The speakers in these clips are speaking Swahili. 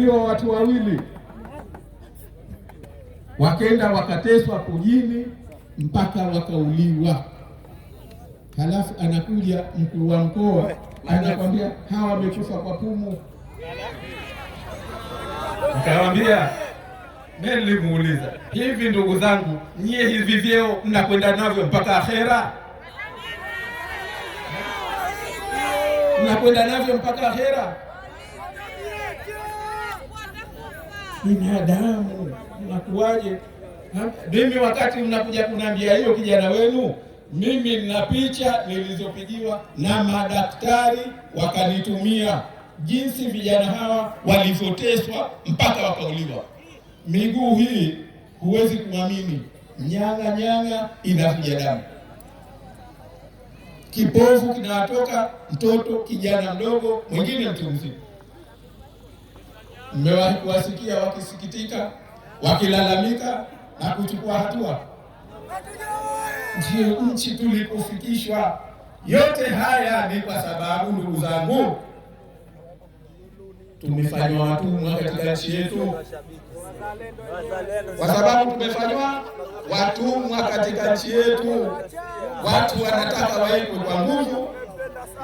Hiyo watu wawili wakenda wakateswa kujini mpaka wakauliwa, halafu anakuja mkuu wa mkoa anakwambia hawa wamekufa kwa pumu. Akawambia mimi nilimuuliza, hivi ndugu zangu, nyie hivi vyeo mnakwenda navyo mpaka akhera? Mnakwenda navyo mpaka akhera? binadamu nakuwaje? Mimi wakati mnakuja kuniambia hiyo, kijana wenu, mimi nina picha nilizopigiwa na madaktari, wakanitumia jinsi vijana hawa walivyoteswa mpaka wakauliwa. Miguu hii huwezi kuamini, nyanga nyanga inavuja damu, kipofu kinatoka mtoto, kijana mdogo, mwingine mtu mzima. Mmewahi kuwasikia wakisikitika, wakilalamika na kuchukua hatua? ndio nchi tulikufikishwa. Yote haya ni kwa sababu, ndugu zangu, tumefanywa watumwa katika nchi yetu, kwa sababu tumefanywa watumwa katika nchi yetu. Watu wanataka waekwe kwa nguvu,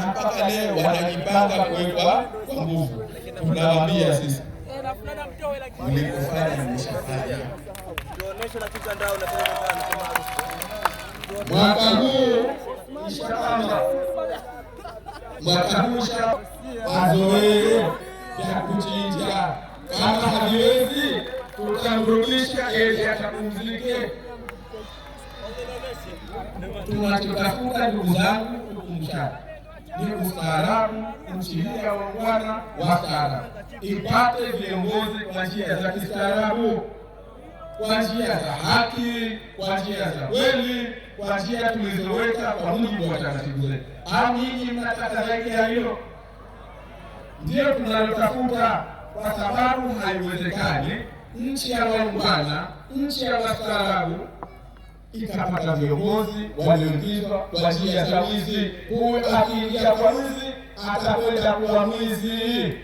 na mpaka leo wanajipanga kuwekwa kwa nguvu. Tunawaambia sisi mwaka huu inshallah, mwaka huu azoee ya kuchinja. Kama haviwezi tutamrudisha ili akapumzike. Tunachotafuta ndugu zangu, ukumbusha ni ustaarabu, uchilia wa ungwana wa staarabu, ipate viongozi kwa njia za kistaarabu, kwa njia za haki, kwa njia za kweli, kwa njia tulizoweka kwa mujibu wa taratibu zetu. Au nyinyi mnataka zaidi ya hiyo? Ndiyo tunalotafuta, kwa sababu haiwezekani nchi ya waungwana, nchi ya wastaarabu chama viongozi walioingizwa kwa njia za wizi. Huyu akiingia kwa wizi atakwenda kuwa mwizi,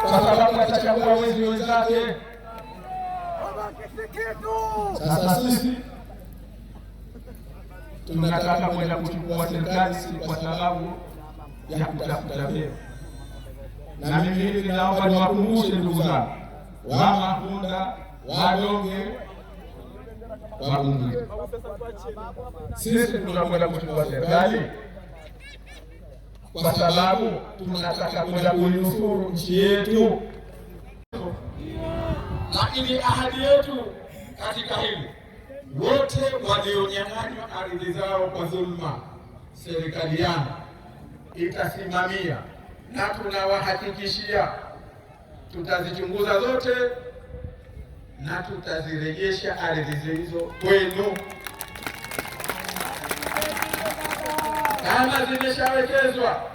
kwa sababu atachagua wizi wenzake. Sasa sisi tunataka kwenda kuchukua serikali, si kwa sababu ya kutafuta vyeo. Na mimi hili naomba niwakumbushe ndugu zangu, wamahunda, wajonge mabunge. Sisi tunakwenda kuchukua serikali kwa sababu tunataka kwenda kuinusuru nchi yetu, lakini ahadi yetu katika hili wote walionyang'anywa ardhi zao kwa dhulma, serikali yangu itasimamia na tunawahakikishia, tutazichunguza zote na tutazirejesha ardhi zilizo kwenu kama zimeshawekezwa.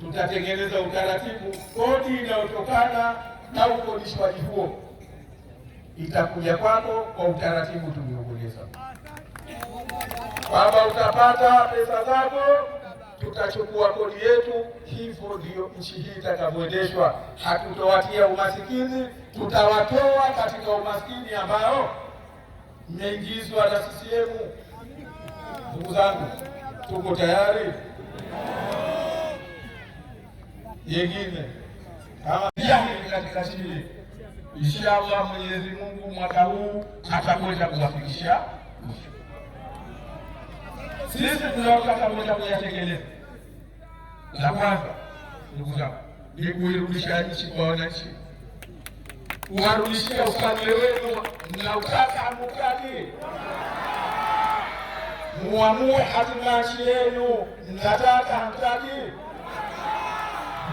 Tutatengeneza utaratibu, kodi inayotokana na ukodishwaji huo itakuja kwako kwa utaratibu tulioueleza, kwamba utapata pesa zako tutachukua kodi yetu. Hivyo ndiyo nchi hii itakavyoendeshwa. Hatutowatia umasikini, tutawatoa katika umaskini ambao mmeingizwa na CCM. Ndugu zangu, tuko tayari. Yengine kama katika chini, inshallah Mwenyezi Mungu mwaka huu atakwenda kuwafikisha sisi tunayotaka kwenda kuyatekeleza. La kwanza, ndugu zangu, ni kuirudisha nchi kwa wananchi, kuwarudishia ufalme wenu mnautaka mukali, muamue hatima nchi yenu, mnataka hamtaki.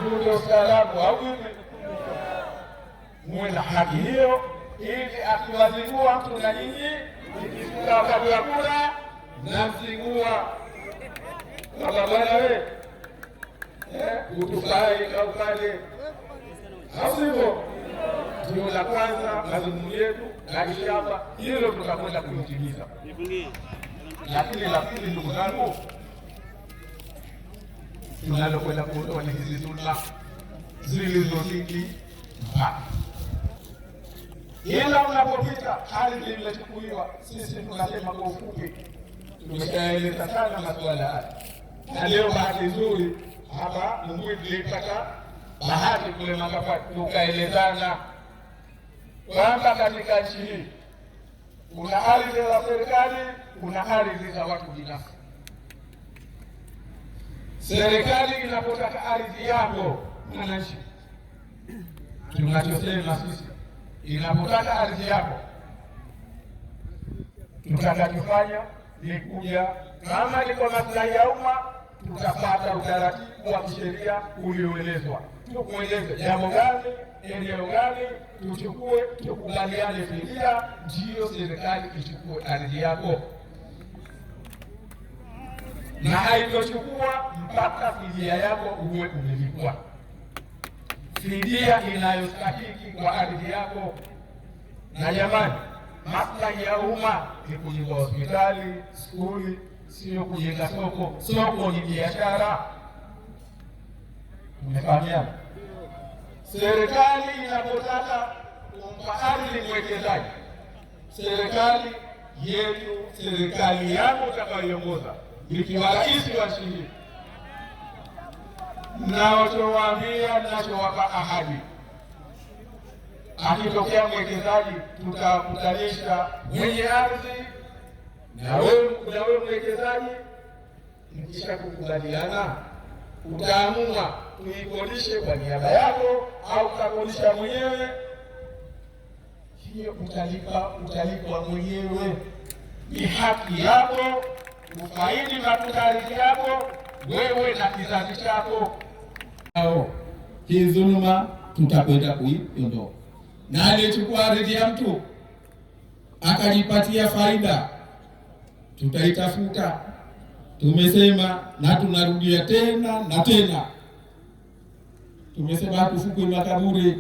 Huu ndio ustaarabu, au vipi? Muwe na haki hiyo, ili akiwazingua mtu na nyinyi ikifika wakati wa kura namsingua ababana we eh, utukai kaukale au Ndio la kwanza mazungumzo yetu na ishamba hilo tutakwenda kulitimiza. Lakini la pili, ndugu zangu, tunalokwenda kuondoa ni hizi sunna zilizozidi mpaka ila unapopita ardhi imechukuliwa. Sisi tunasema kwa ufupi tumeshaeleza sana masuala haya, na leo bahati nzuri hapa Mungwi tulipata bahati kule Makapati tukaelezana kwamba katika nchi hii kuna ardhi za serikali, kuna ardhi za watu binafsi. Serikali inapotaka ardhi yako mwananchi, tunachosema sisi, inapotaka ardhi yako tutakachofanya ni kuja kama ni kwa maslahi ya umma, tutapata utaratibu wa kisheria ulioelezwa, tukueleze jambo gani, eneo gani tuchukue, tukubaliane sheria, ndiyo serikali ichukue ardhi yako, na haitochukua mpaka fidia yako uwe umelipwa fidia inayostahiki kwa ardhi yako. Na jamani maslahi ya umma ni kujenga hospitali, skuli, sio kujenga soko. Soko ni biashara, mmefahamiana. Serikali inapotaka kumpa ardhi mwekezaji, serikali yetu, serikali yako utakayoongoza, ikiwa rais wa nchi hii, mnachowaambia, ahadi akitokea mwekezaji tutakutanisha mwenye ardhi na wewe mwekezaji. nikisha kukubaliana, utaamua tuikodishe kwa niaba yako au utakodisha mwenyewe. Hiyo utalipa, utalipwa mwenyewe. Ni haki yako ufaidi matuta ardhi yako wewe na kizazi chako. Hii dhuluma tutakwenda kuiondoa na aliyechukua ardhi ya mtu akajipatia faida, tutaitafuta. Tumesema na tunarudia tena na tena, tumesema hatufukwi makaburi,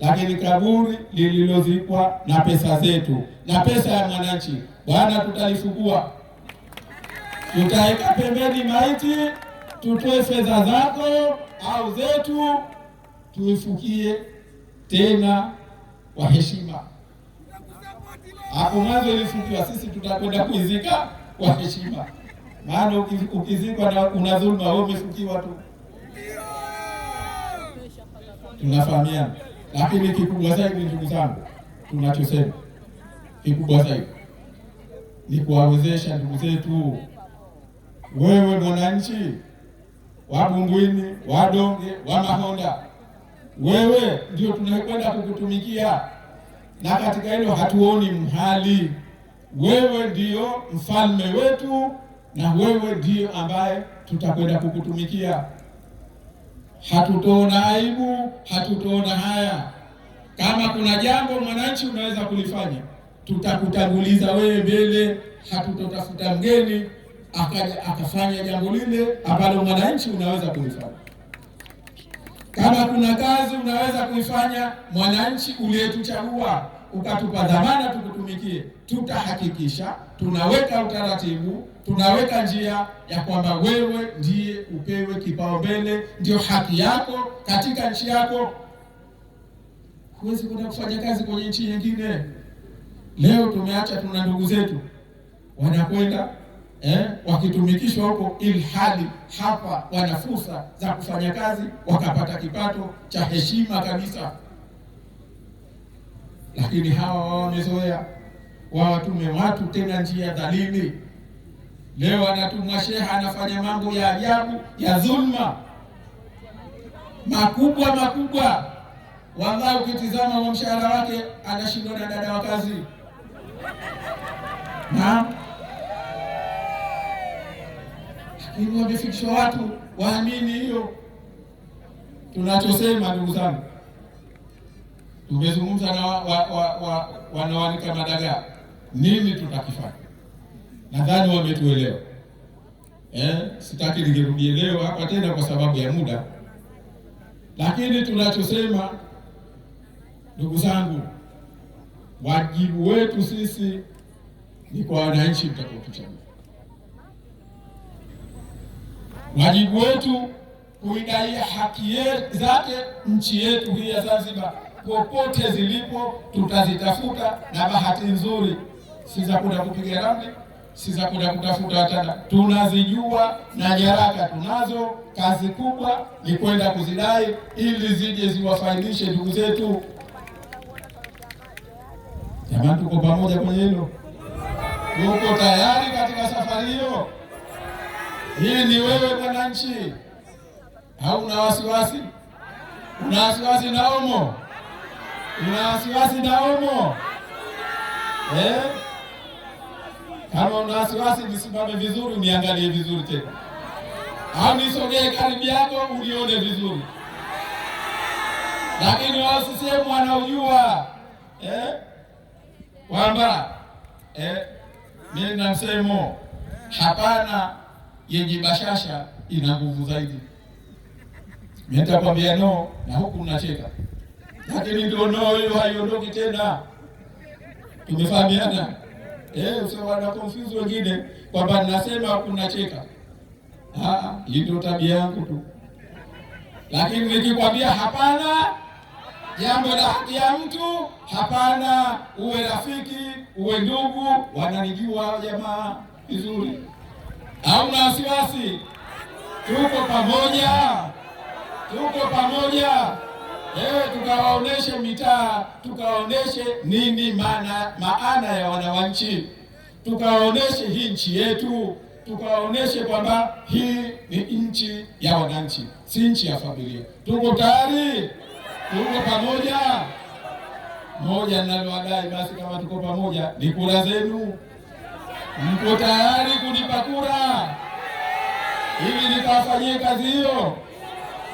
lakini kaburi lililozikwa na pesa zetu na pesa ya mwananchi, Bwana, tutalifukua. Tutaweka pembeni maiti, tutoe fedha zako au zetu, tuifukie tena wa heshima. Hakumwazo ilisukiwa, sisi tutakwenda kuizika kwa heshima, maana ukizikwa na una dhulma, wewe umefukiwa tu. Tunafahamiana, lakini kikubwa zaidi, ndugu zangu, tunachosema kikubwa zaidi ni kuwawezesha ndugu zetu, wewe mwananchi wa Bumbwini, wa Donge, wa Mahonda wewe ndio tunakwenda kukutumikia, na katika hilo hatuoni mhali. Wewe ndio mfalme wetu, na wewe ndio ambaye tutakwenda kukutumikia. Hatutoona aibu, hatutoona haya. Kama kuna jambo mwananchi unaweza kulifanya, tutakutanguliza wewe mbele. Hatutotafuta mgeni akaja akafanya jambo lile ambalo mwananchi unaweza kulifanya. Kama kuna kazi unaweza kuifanya, mwananchi uliyetuchagua ukatupa dhamana tukutumikie, tutahakikisha tunaweka utaratibu, tunaweka njia ya kwamba wewe ndiye upewe kipaumbele, ndio haki yako katika nchi yako. Huwezi kwenda kufanya kazi kwenye nchi nyingine. Leo tumeacha, tuna ndugu zetu wanakwenda eh, wakitumikishwa huko, ili hali hapa wana fursa za kufanya kazi wakapata kipato cha heshima kabisa. Lakini hawa wamezoea wawatumwe watu tena njia dhalili. Leo anatumwa sheha anafanya mambo ya ajabu ya dhulma makubwa makubwa. Wallahi, ukitizama wa mshahara wake anashindwa na dada wa kazi na ili watu waamini hiyo tunachosema. Ndugu zangu, tumezungumza na wanawanika wa, wa, wa, Madagaa, nini tutakifanya? Nadhani wametuelewa eh, sitaki ningerudie leo hapa tena kwa sababu ya muda, lakini tunachosema ndugu zangu, wajibu wetu sisi ni kwa wananchi mtakaotuchagua. Wajibu wetu kuangalia haki zake nchi yetu hii ya Zanzibar, popote zilipo tutazitafuta, na bahati nzuri si za kwenda kupiga ramli si za kwenda kutafuta watana, tunazijua na nyaraka tunazo. Kazi kubwa ni kwenda kuzidai ili zije ziwafaidishe ndugu zetu. Jamani, tuko pamoja kwenye hilo, tuko tayari katika safari hiyo. Hii ni wewe mwananchi, hauna wasiwasi? Una wasiwasi na umo? Una wasiwasi na umo eh? Kama una wasiwasi nisimame vizuri, niangalie vizuri tena, au nisogee karibu yako ulione vizuri, lakini wao sisehemu wanaojua eh, kwamba eh, mimi na msemo hapana yenye bashasha ina nguvu zaidi. Nitakwambia no na huku unacheka, lakini ndio no hiyo haiondoki tena. Tumefahamiana eh? Sio wana confuse wengine kwamba ninasema unacheka. Ah, hii ndio tabia yangu tu, lakini nikikwambia hapana jambo la haki ya mtu hapana, uwe rafiki uwe ndugu, wananijua jamaa vizuri. Hamna wasiwasi, tuko pamoja, tuko pamoja. Ewe, tukawaoneshe mitaa, tukawaoneshe nini maana, maana ya wananchi, tukawaoneshe hii nchi yetu, tukawaoneshe kwamba hii ni nchi ya wananchi, si nchi ya familia. Tuko tayari, tuko pamoja. Moja ninalowadai basi, kama tuko pamoja, ni kura zenu. Mko tayari kunipa kura ili nikafanyie kazi hiyo?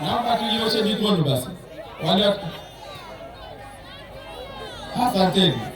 Naomba tujioshe mikono basi. Asanteni.